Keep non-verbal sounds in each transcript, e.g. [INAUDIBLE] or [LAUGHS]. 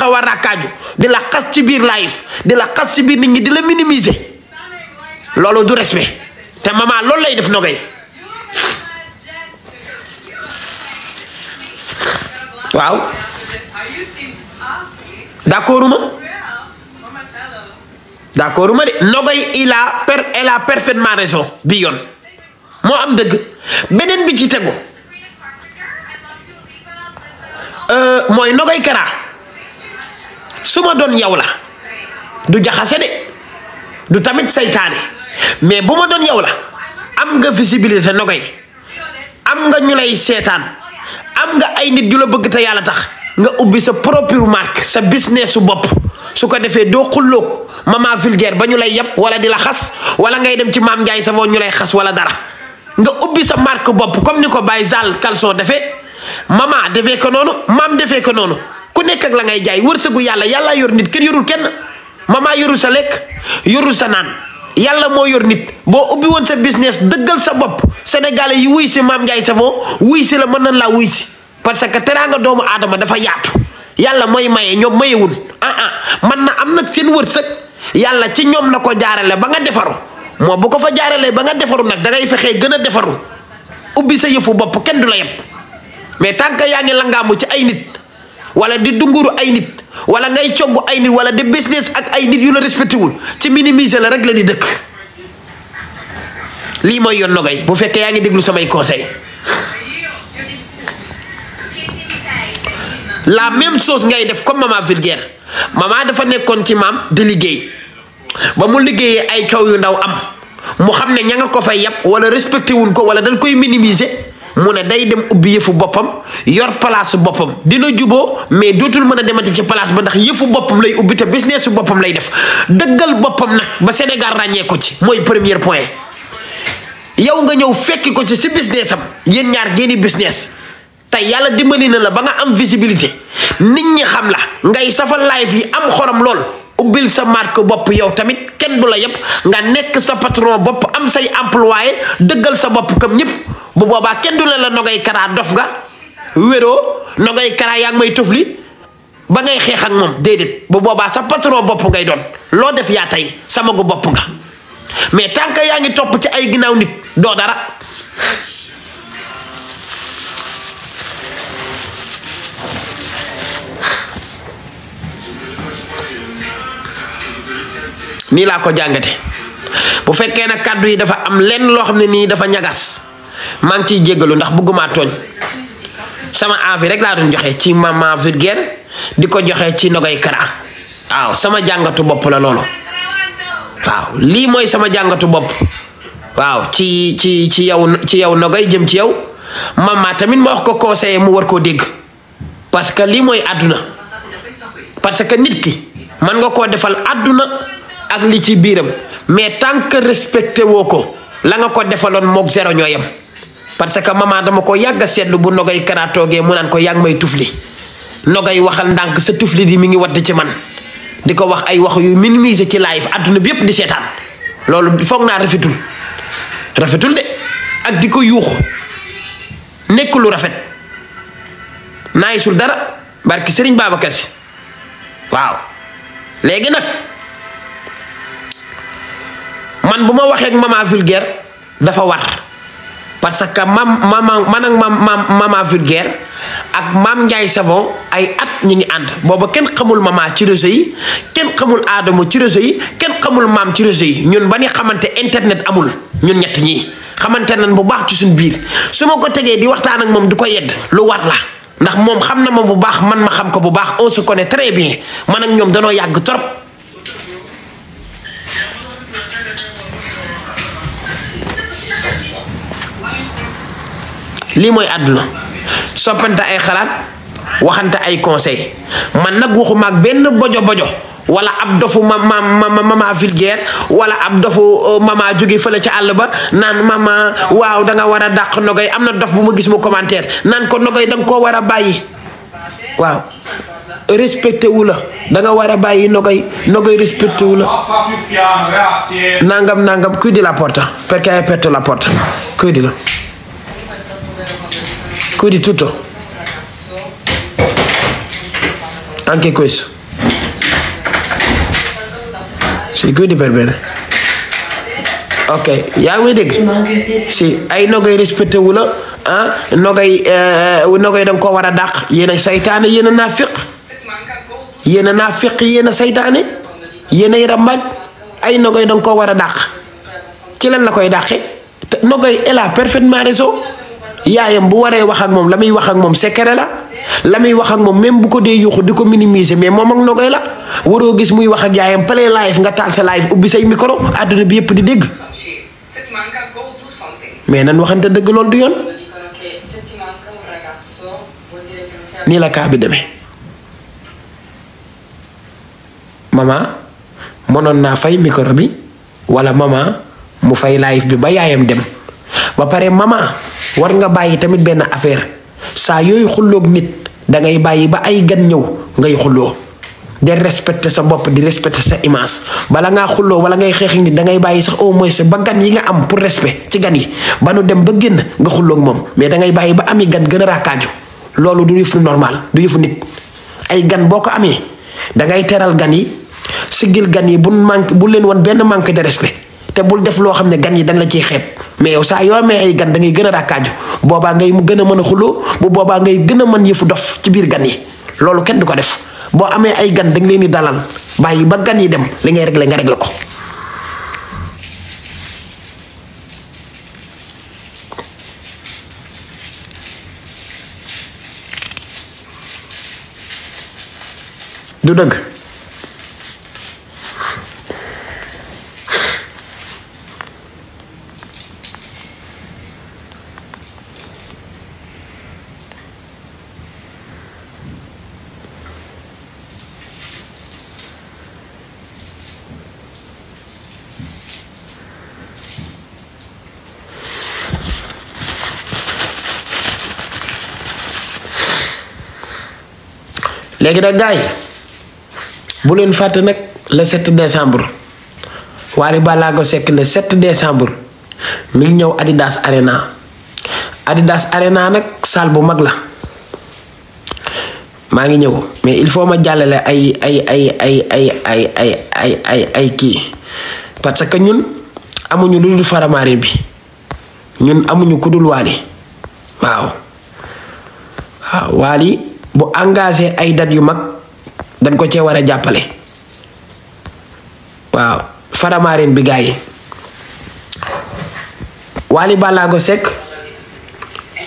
xaw a di la xas ci biir live di la xas ci biir nit ñi di la minimiser loolu du respect te maman loolu lay def nogay waaw d'accord ma ma de nogay il a per elle a parfaitement bi yoon moo am dëgg beneen bi ci tegu euh, mooy nogay kara su ma doon yow la du jaxase de du tamit seytaane mais bu ma doon yow la am nga visibilité nogay am nga ñu lay seetaan am nga ay nit yu la bëgg te yàlla tax nga ubbi sa propre marque sa business bopp su ko defee doo xulloog mama vulgaire ba ñu lay yab wala di la xas wala ngay dem ci maam Ndiaye Savon ñu lay xas wala dara nga ubbi sa marque bopp comme ni ko Baye Zal Kalson defee mama defee ko noonu maam defee ko noonu. ku nekk ak la ngay jaay wërsëgu yàlla yàllaa yor nit kenn yorul kenn ma maa yorul sa lekk yorul sa naan yàlla moo yor nit boo ubbi woon sa business dëggal sa bopp sénégalais yi wuy si maam sa Savon wuy si la mën nañ laa wuy si parce que teraanga doomu aadama dafa yaatu yàlla mooy maye ñoom mayewul ah ah man na am nag seen wërsëg yàlla ci ñoom na ko jaarale ba nga defaru moo bu ko fa jaaralee ba nga defaru nag da ngay fexee gën a defaru ubbi sa yëfu bopp kenn du la yem mais tant que yaa ngi langaamu ci ay nit wala di dunguru ay nit wala ngay cogg ay nit wala di business ak ay nit yu la respecté wul ci minimiser la rek la di dëkk lii mooy yoon bu fekkee yaa ngi déglu samay conseil la même chose ngay def comme maman Vulgaire maman dafa nekkoon ci maam di liggéey ba mu liggéeyee ay coow yu ndaw am mu xam ne ña nga ko fa yàpp wala respecté wuñ ko wala dañ koy minimise mu ne day dem ubbi yëfu boppam yor place boppam dina juboo mais dootul mën a demati ci place ba ndax yëfu boppam lay ubbi te business su boppam lay def dëggal boppam nag ba Sénégal ràññee ko ci mooy première point yow nga ñëw fekki ko ci si business am ñaar génni business tey yàlla dimbali na la ba nga am visibilité nit ñi xam la ngay safal live yi am xorom lool. ubbil sa marque bopp yow tamit kenn du la yëpp nga nekk sa patron bopp am say employé dëggal sa bopp kam ñëpp bu boobaa kenn du la la nogay karaa dof nga wéroo nogay karaa yaa ngi may tufli ba ngay xeex ak moom déedéet bu boobaa sa patron bopp ngay doon loo def yaa tey sama gu bopp nga mais tant yaa ngi topp ci ay ginnaaw nit doo dara nii laa ko jàngate bu fekkee na kàddu yi dafa am lenn loo xam ne nii dafa ñagas maa ngi ciy jéggalu ndax bëgguma tooñ sama avis rek laa doon joxe ci maman vulgaire di ko joxe ci Nogay Kara waaw sama jàngatu bopp la loolu waaw mooy sama jàngatu bopp waaw ci ci ci yow ci yow Nogay jëm ci yow maman tamit ma wax ko conseiller mu war koo dégg parce que lii mooy àdduna parce que nit ki mën nga koo defal àdduna ak li ci biiram mais tant que respecté woo ko la nga ko defaloon moo zéro ñoo yem parce que maman dama ko yàgg a seetlu bu nogay karatoogee mu naan ko yàgg may tufli nogay waxal ndànk sa tufli di mi ngi wadd ci man di ko wax ay wax yu minimiser ci live àdduna bi yëpp di seetaan loolu foog naa rafetul rafetul de ak di ko yuuxu nekk lu rafet naayisul dara barki sëriñ Babacar kes waaw léegi nag. man bu ma waxee ak maman vulgaire dafa war parce que mam maman man ak mam maman vulgaire ak maam Ndiaye Savon ay at ñu ngi ànd booba kenn xamul maman ci réseau yi kenn xamul aadama ci réseau yi kenn xamul maam ci réseau yi ñun ba ñu xamante internet amul ñun ñett ñi xamante nañ bu baax ci suñ biir su ma ko tegee di waxtaan ak moom di ko yedd lu war la ndax moom xam na ma bu baax man ma xam ko bu baax on se connaît très bien man ak ñoom danoo yàgg trop. lii mooy àdduna soppante ay xalaat waxante ay conseil man nag waxuma ak benn bojo bojo wala ab dofu ma ma ma mama wala ab dofu euh, mama jóge fële ci àll ba naan ma waaw da nga war a dàq nogay am na dof bu ma gis mu commentaire naan ko nogay da koo war a bàyyi waaw respecté wu la war a bàyyi nogay nogay respecté wu la nangam nangam qui di la porte perché hai aperto la porte qui di la Quindi tutto. Anche questo. Sì, quindi per bene. Ok, yaa ngi may si ay nogay respecté wu la ah nogay nogay da war a dàq yéen seytaane saytaane yéen a naafiq yéen a naafiq yéen a saytaane yéen ay nogay da koo war a dàq ci la koy dàqee eh? te nogay elle a yaayam bu waree wax ak moom la muy wax ak moom secret la la muy wax ak moom même bu ko dee yuuxu di ko minimiser mais moom ak Ndogoy la waroo gis muy wax ak yaayam plein live nga taal sa live ubbi say micro àdduna bi yépp di dégg mais nan dëgg loolu du yoon nii la bi demee maman mënoon naa fay micro bi walla maman mu fay live bi ba yaayam dem ba pare maman war nga bàyyi tamit benn affaire saa yooyu xulloog nit da ngay bàyyi ba ay gan ñëw ngay xulloo de respecter sa bopp di respecter sa image bala ngaa xuloo wala ngay xeex nit da ngay bàyyi sax au moins ba gan yi nga am pour respect ci gan yi ba nu dem ba génn nga xulloog moom mais da ngay bàyyi ba ami gan gën a raakaaju loolu du yëfu normal du yëfu nit ay gan boo ko amee da ngay teral gan yi siggil gan yi bu manque bu leen woon benn manque de respect te bul def loo xam ne yi dañ la ciy xeeb. mais yow saa yoo amee ay gan da gën a rakkaaju boobaa ngay mu gën a mën a xuloo bu boobaa ngay gën a mën yëfu dof ci biir gan yi loolu kenn du ko def boo amee ay gan da nga leen di dalal bàyyi ba gan yi dem li ngay réglé nga réglé ko. du dëgg. léegi nag gars yi bu leen fàtte nag le 7 décembre Wally Ballago Seck le 7 décembre mi ngi ñëw Adidas Arena Adidas Arena nag salle bu mag la maa ngi ñëw mais il faut ma jàllale ay ay ay ay ay ay ay ay ay ay kii parce que ñun amuñu lu dul faramarin bi ñun amuñu ku dul Wally waaw waaw bu engagé ay dat yu mag dañ ko cee war a jàppale waaw Faramareen bi gaa yi Wally Ballago Seck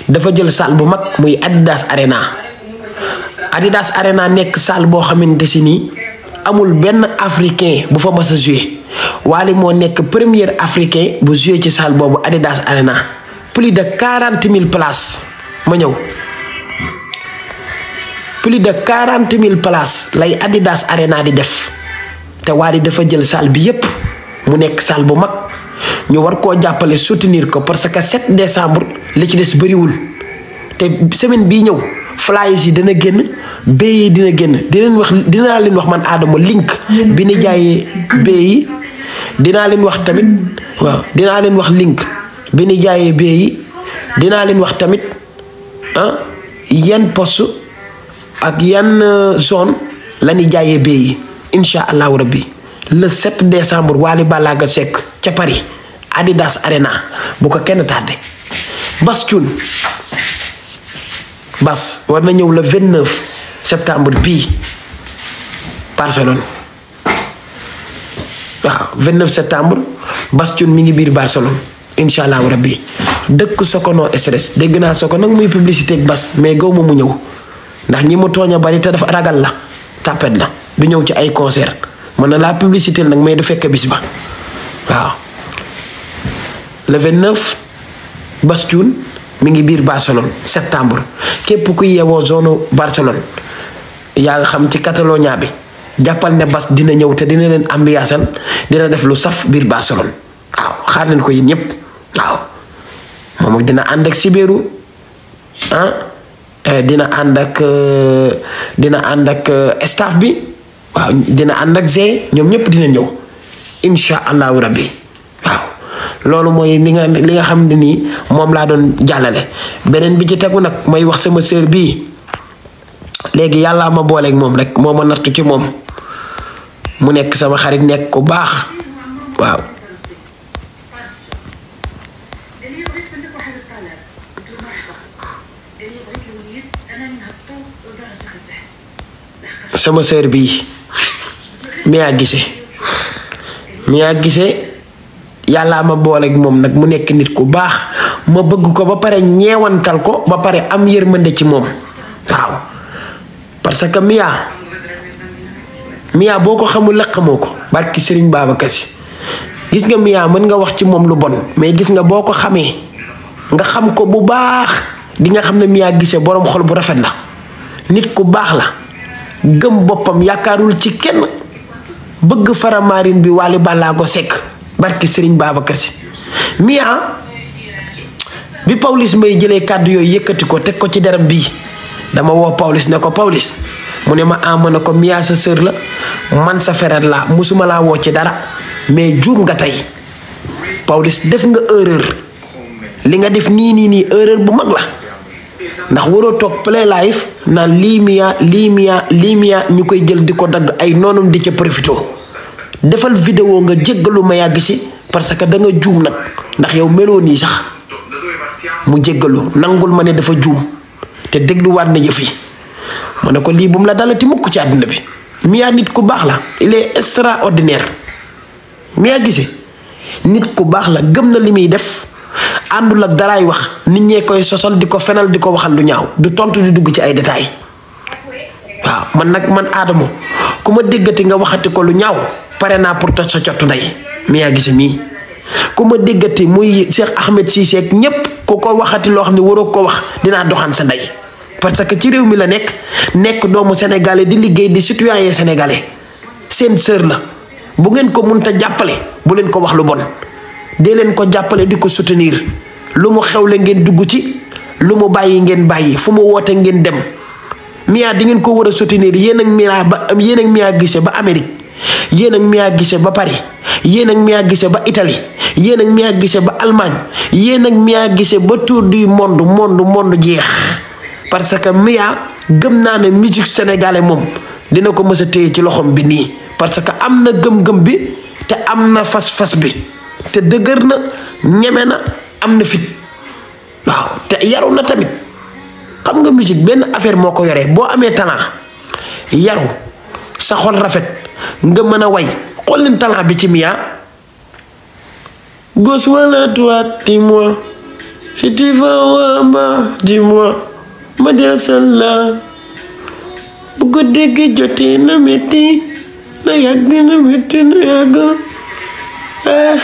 dafa jël salle bu mag muy Adidas Arena Adidas Arena nekk salle boo xamante si nii amul benn africain bu fa mas a joué moo nekk premier africain bu joué ci salle boobu Adidas Arena plus de quarante mille place ma ñëw. plus de quarante mille places lay Adidas Arena di def te Wally dafa jël salle bi yépp mu nekk salle bu mag ñu war koo jàppale soutenir ko parce que 7 décembre li ci des bëriwul te semaine bii ñëw flyers yi dina génn billets dina génn di leen wax dinaa leen wax man Adamo link bi ni jaayee billets yi dinaa leen wax tamit waaw dinaa leen wax link bi ni jaayee billets yi dinaa leen wax tamit ah yan ak yan euh, zone la ñuy jaayee bee yi incha allahu rabbi le 7 décembre Wally Ballago Seck ca Paris Adidas Arena bu ko kenn tardé Bas Thioune Bas war na ñëw le 29 septembre bii Barcelone waaw 29 septembre Bas Thioune mi ngi biir Barcelone incha allahu rabbi dëkk Sokono stress dégg naa Sokono nag muy publicité ak Bas mais gaw ma mu ñëw. ndax ñi mu tooñ bari te dafa ragal la tàppet na du ñëw ci ay concert mën na laa publicité nag mais du fekk bis ba waaw le 29 Bastoun mi ngi biir Barcelone septembre képp kuy yeewoo zone Barcelone yaa nga xam ci Catalonia bi jàppal ne Bas dina ñëw te dina leen ambiyaasal dina def lu saf biir Barcelone waaw xaar leen ko yéen ñëpp waaw moom dina ànd Sibeeru ah. Eh, dina ànd ak eh, dina ànd ak eh, staff bi waaw dina ànd ak Zé ñoom ñëpp dina ñëw incha allahu rabbi waaw loolu mooy li nga li nga xam ni moom laa doon jàllale beneen bi ci tegu nag may wax sama sœur bii léegi yàllaa ma booleek moom rek moo ma nattu ci moom mu nekk sama xarit nekk ko baax waaw sama sœur bii Mia Guissé Mia Guissé yàlla ma booleeg moom nag mu nekk nit ku baax ma bëgg ko ba pare ñeewantal ko ba pare am yërmande ci moom waaw parce que Mia Mia boo ko xamul la xamoo ko barki sëriñ Babacar Sy gis nga Mia mën nga wax ci moom lu bon mais gis nga boo ko xamee nga xam ko bu baax di nga xam ne Mia Guissé boroom xol bu rafet na nit ku baax la. gëm boppam yaakaarul ci kenn bëgg faramarin bi Wally Ballago Seck barki Serigne Babacar Sy Mia ah, bi Pawlish may jëlee kàddu yooyu yëkkati ko teg ko ci deram bii dama woo Pawlish ne ko pawlis mu ne ma am ah, na ko Mia sa sër la man sa frère la musuma laa woo ci dara mais juum nga tey Pawlish def nga erreur li nga def nii nii nii erreur bu mag la ndax waroo toog play life naan lii miyaa lii miyaa lii miyaa ñu koy jël di ko dagg ay noonum di ca profito defal video nga jéggalu ma yàgg si parce que danga nga juum nag ndax yow meloo nii sax mu jéggalu nangul ma ne dafa juum te dégluwaat na yëf yi ma ne ko lii bu la dalati mukk ci àddina bi Mia nit ku baax la il est extraordinaire Mia Guissé nit ku baax la gëm na li muy def àndul ak daraay wax nit ñee koy sosal di ko fenal di ko waxal lu ñaaw du tontu di dugg ci ay détails waaw man nag man Adamo ku ma déggati nga waxati ko lu ñaaw pare naa pour toj sa cottu ndey mi yaa gise mii ku ma déggati muy Cheikh Ahmed Cissé ñépp ku ko waxati loo xam ne waroo ko wax dinaa doxaan sa ndey parce que ci réew mi la nekk nekk doomu sénégalais di liggéey di citoyen sénégalais seen sœur la bu ngeen ko mënta jàppale bu leen ko wax lu bon dee leen ko jàppale di ko soutenir lu mu xewle ngeen dugg ci lu mu bàyyi ngeen bàyyi fu mu wootee ngeen dem Mia di ngeen ko war a soutenir yéen ak Mia ba yéen ak Mia Guissé ba Amérique yéen ak Mia gise ba Paris yéen ak Mia gise ba itali yéen ak Mia Guissé ba Allemagne yéen ak Mia gise ba tour du monde monde monde jeex parce que Mia gëm naa ne musique sénégalais moom dina ko mës a téye ci loxoom bi nii parce que am na gëm-gëm bi te am na fas-fas bi te dëgër na ñeme na. am na fit waaw te yaru na tamit xam nga musique benn affaire moo ko yoree boo amee talent yaru sa xol rafet nga mën a way xool leen bi ci Mia gauche wala droite dis-moi si tu vas ou bas moi ma la bu guddi gi jotee na métti na yàgg na métti na yàgg eh,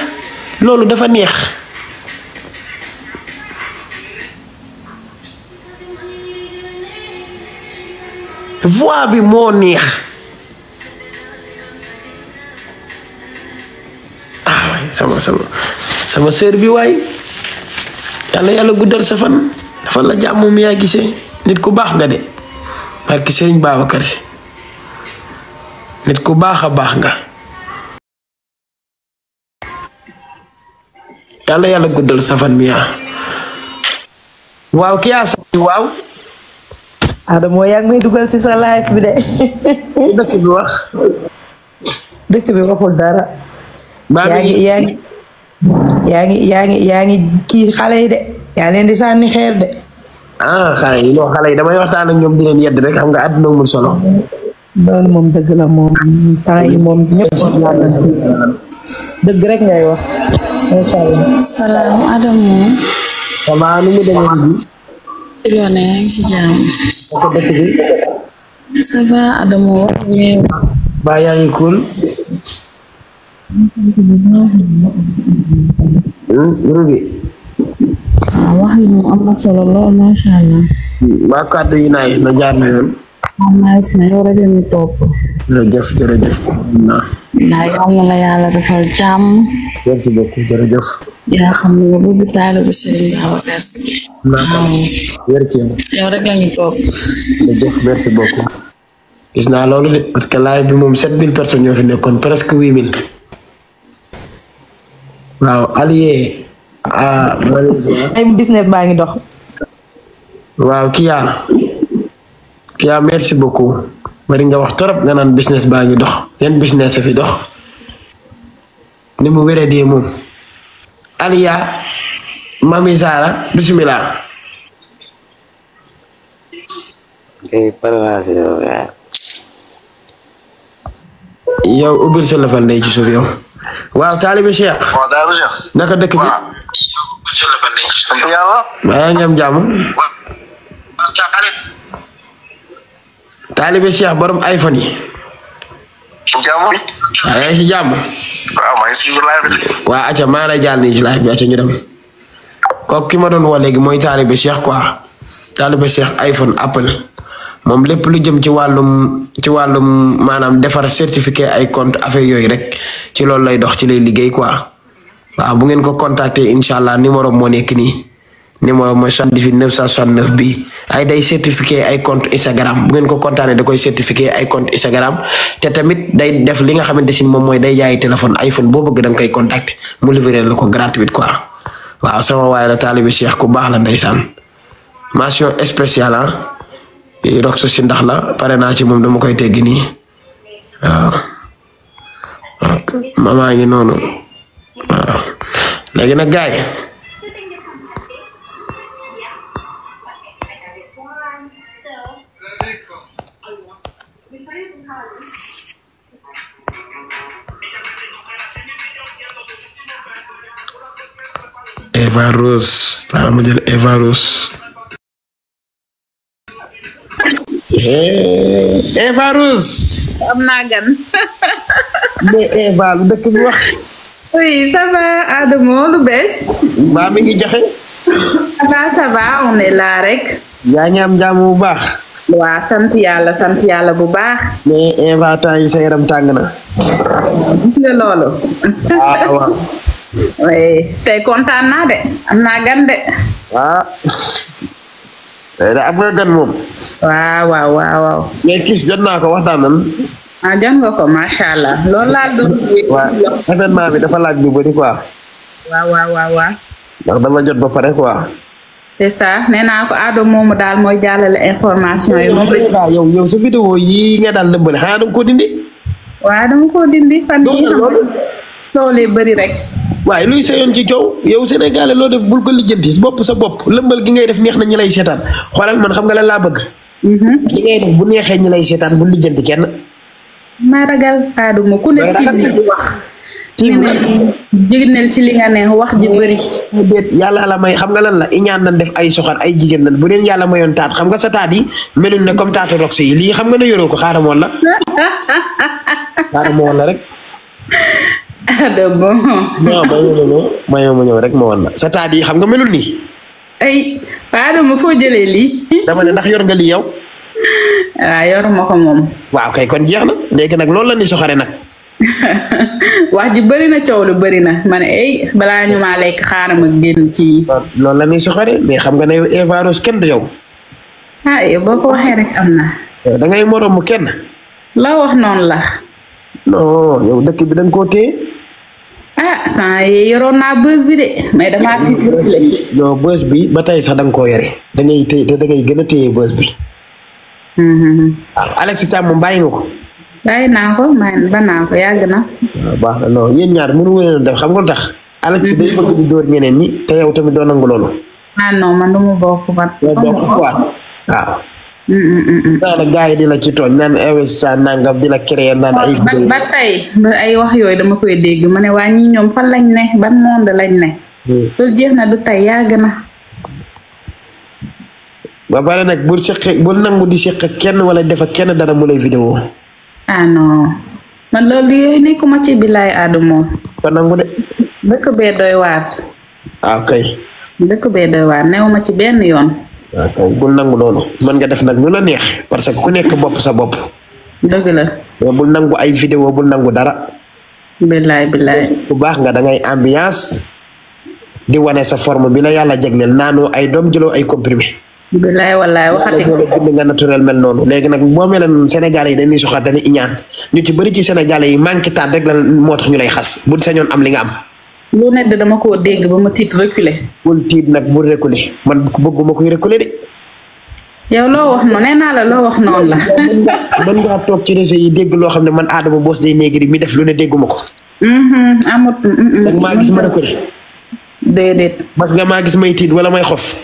loolu dafa neex voix bi moo neex ah waay sama sama sama sœur bi waay yàlla yàlla guddal safan fan dafa la jàmm mi yaa gisee nit ku baax nga de barki Sëriñ Babacar Si nit ku baax a baax nga yàlla yàlla guddal sa fan mi yaa waaw ki yaa sa waaw Adamo yaa ngi may dugal si sa live bi de. [LAUGHS] dëkk bi wax. dëkk bi waxul dara. yaa ngi yaa ngi yaa ngi yaa ngi kii xale yi de yaa leen di sànni xeer de. ah xale yi damay waxtaan ak ñoom di yedd rek xam nga àdduna amul solo. loolu moom dëgg la moom temps yi moom ñëpp ci dëgg rek ngay wax. salaam Adamo. ça va nu mu demee. Ironé yaa ngi ci jàmm. ça va Adamo ba yaa ngi cool ah, wax yi moom am na solo lool macha allah ba kàddu yi naa gis na jaar na yoon am naa si na yow rek ñu topp. jërëjëf jërëjëf ko naa. naa yow na la yàlla defal jàmm. merci beaucoup jërëjëf. yaa xam ne bu bi taale bu Serigne Babacar Si. waaw. yow rek la ñu topp. jërëjëf merci beaucoup. gis naa loolu de parce que live bi moom sept mille personnes ñoo fi nekkoon presque huit mille. waaw allié. ah. ay business baa ngi dox. waaw kii yaa. yaa merci beaucoup bari nga wax torop nga naan business baa ngi dox yan business a fi dox ni mu wéradee moom aliya mami Zara bismillah eh, yow ubbil sa lafal ndey ci suuf yow waaw taalibi Cheikh naka dëkk bi yaa ngi am taalibe Cheikh borom iPhone yi. jàmm. waaw waa acca maa lay jàll nii si live bi acca ñu dem. kooku ma doon woo léegi mooy taalibe Cheikh quoi taalibe Cheikh iPhone Apple moom lépp lu jëm ci wàllum ci wàllum maanaam defar certificat ay compte affaire yooyu rek ci loolu lay dox ci lay liggéey quoi waaw bu ngeen ko contacter incha allah numéro moo nekk nii. numéro mooy 78 969 bi ay day certifié ay compte Instagram bu ngeen ko kontaanee da koy certifié ay compte Instagram te tamit day def li nga xamante si moom mooy day jaayi téléphone iPhone boo bëgg da nga koy contacter mu livré la ko gratuite quoi waaw sama waay la taalibi Cheikh ku baax la ndeysaan mention spéciale ah rox su si ndax la pare naa ci moom dama koy teggi nii waaw mamaa ngi noonu léegi nag gaay Eva Rose xaaral ma jël Eva Rose. Eh, Eva Rose. am naa gan. [LAUGHS] mais Eva lu dëkk wax. oui ça va Adamo lu bees. mi ngi joxe. ça va ça va on rek. yaa ngi am bu baax. waa sant yàlla bu baax. mais Eva temps yi sa tàng na. gis nga loolu. Ah, waaw waaw. oui tey kontaan naa de am naa gan de. ah. tey de nga jot naa ko waxtaan nañ. ah jot ko macha allah loolu laa doon. waaw événement bi dafa laaj bu bëri ndax dama jot ba pare quoi. c'est ça nee naa ko Ado moomu daal mooy jàllale information yi. moom nga daal lëmbale xanaa da nga dindi. waaw da nga dindi fan yii. loolu loolu. yi bëri rek. waaye luy sa ci coow yow sénégalais loo def bul ko lijjanti bopp sa bopp lëmbal gi ngay def neex na ñi lay seetaan xoolal man xam nga lan laa bëgg. Mhm. li ngay def bu neexee ñi lay seetaan bul lijjanti kenn. maa ragal ku ne ci wax. jigéen yàlla la may xam nga lan la iñaan nan def ay soxar ay jigéen nan bu leen yàlla mayoon taat xam nga sa taat yi meluñ ne comme taatu rox yi lii xam nga ne yoroo ko xaaral ma la [LAUGHS] xaaral ma la rek. [LAUGHS] Ado [LAUGHS] bon. non ma ñëw rek ma wan la cest à xam nga melul nii. ay Faado ma foo jëlee lii. [LAUGHS] dama ne ndax yor nga lii yow. Ah, moom. waaw kay kon jeex na léegi nag loolu la ni soxare nag. [LAUGHS] wax ji bëri na coow lu bëri na ma ne balaa ñu maa lekk xaaral ma génn ci. lool la ni soxare mais xam nga ne Eva kenn du yow. ah yow boo ko waxee rek am na. Eh, da ngay moromu kenn. la wax noonu la. non yow dëkk bi da koo téye. ah temps yoroon naa bës bi de mais damaa tiit. non bës bi ba tey sax da nga koo yore da ngay da ngay gën a téye bës bi. Mm-hmm. waaw Alex Thiam moom bàyyi nga ko. bàyyi naa ko man ba naa ko yàgg na. waaw ah, baax na non yéen ñaar mënu def xam nga tax. Mm-hmm. Alex day bëgg di dóor ñeneen ñi te yow tamit doo nangu loolu. ah non man du mu waaw. naan gars yi di la ci tooñ naan investisseur nangam di la créer naan ay. ba tey ay wax yooyu dama koy dégg ma ne waa ñi ñoom fan lañ ne ban monde lañ ne. Hmm. loolu jeex na du tey yàgg na. ba pare nag bul seqe di seqe kenn wala defa kenn dara mu lay vidéo. ah non man loolu yooyu nekkuma ci bilaay Adamo. ba nangu de. dëkk bee doy waar. ah kay. bee doy waar newuma ci benn yoon. waaw bul nangu loolu mën nga def nag lu la neex parce que ku nekk bopp sa bopp. dëgg la. bul nangu ay vidéo bul nangu dara. billaay billaay. bu baax nga dangay ngay ambiance di wane sa forme bi na yàlla jagleel naanoo ay doom jëloo ay comprimé. billaay wallaay waxati ko bind nga naturel mel noonu. léegi nag boo mel ne Sénégalais yi dañuy soxla dañuy ñaan ñu ci bari ci Sénégalais yi manqué taat rek la moo tax ñu lay xas bu sañoon am li nga am. lu ne dama koo dégg ba ma tiit reculer. bul tiit nag bu reculer man bëgguma koy reculer de. yow loo wax noonu ne naa la loo wax noonu la. [LAUGHS] mën ngaa toog ci réseau yi dégg loo xam ne man Adama Boss day néegi mi def lu ne dégguma ko. Mm-hmm, amut. nag maa gis ma reculer. déedéet. parce que maa gis may tiit wala may xof.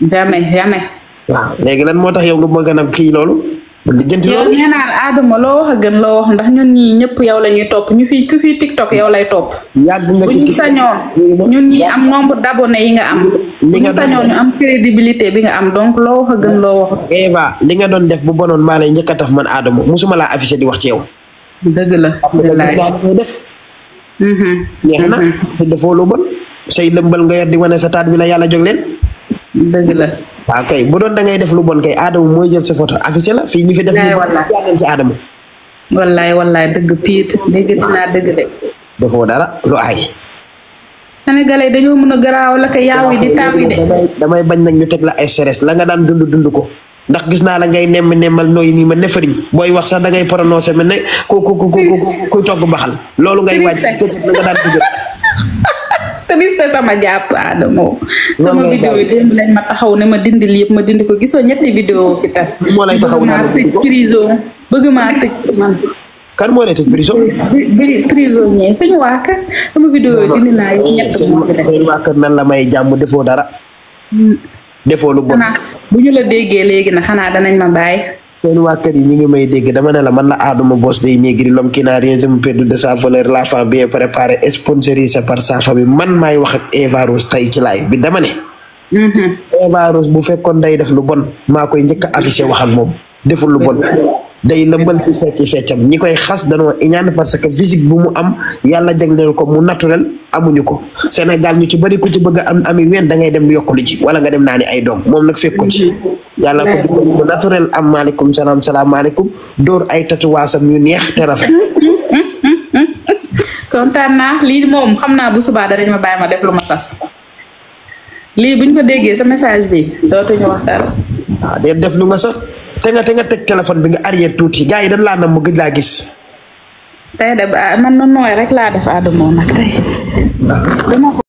jamais jamais. waaw léegi lan moo tax yow nga bëgg nag kii loolu. lijjanti loolu yow nee naa la Adama loo wax a gën loo ndax ñun ñii ñëpp yow la ñuy topp ñu fi ku fi TikTok yow lay topp. yàgg nga ci bu ñii am nombre d'abonnés yi nga am. li nga doon bu ñu bi nga am donc loo wax gën loo wax. Eva nga doon def bu bonoon maa lay man Adama musuma laa affiché di wax ci yow. dëgg la dëgg la def. Mm-hmm. neex na mm-hmm. te defoo bon say lëmbal nga yar di wane sa taat bi la yàlla jog leen. dëgg waaw kay bu doon dangay ngay def lu bon kay Adama mooy jël sa photo affiché la fii ñu fi def. lu bon jàllale ci Adama. wallaay wallaay dëgg piit dégg naa dëgg de. defoo dara lu aay. mën a damay bañ nag ñu teg la ay stress la nga daan dund dund ko ndax gis naa la ngay nemm nemmal nooy nii ma nefariñ booy wax sax da ngay prononcé mel ne ku ku ku ku ku togg baxal loolu ngay wàcc la nga daan dund. actrice te sama jàpp Adamo sama vidéo démb ma taxaw ne ma dindi yëpp ma dindi ko gisoo ñetti vidéo fi tas moo lay taxaw naa tëj prison bëgg maa tëj man kan moo lay tëj prison prisonnier suñu waa kër sama vidéo dindi naa ñett suñu waa kër nan la may jàmm defoo dara hmm. defoo lu bon bu ñu la déggee léegi na xanaa danañ ma bàyyi seen waa kër yi ñu ngi may dégg dama ne la man la Adama Boss day négri l'homme qui n'a rien jamais perdu de sa valeur la femme bien préparée par sa famille man maay wax ak Eva Rose tey ci live bi dama ne. Mhm. Eva Rose bu fekkoon day def lu bon maa koy njëkk a affiché wax ak moom deful lu bon. day lëmbal di fecci feccam ñi koy xas danoo iñaan parce que physique bu mu am yàlla jagleel ko mu naturel amuñu ko Sénégal ñu ci bari ku ci bëgg am ami ween da ngay dem yokkulu ci wala nga dem naa ni ay doom moom nag fekk ko ci yàlla ko dimbali mu maaleykum salaam salaamaaleykum dóor ay yu neex te rafet kontaan naa lii moom xam naa bu subaa danañ ma bàyyi ma def lu ma saf lii buñ ko déggee sa message bi dootuñu wax dara waaw def lu nga saf te nga te nga teg téléphone bi nga arrière tuuti gars yi dañ laa nam mu gëj laa gis. tey de ah, man noonu nooy rek laa def Adamo ah, nag tey. Ah.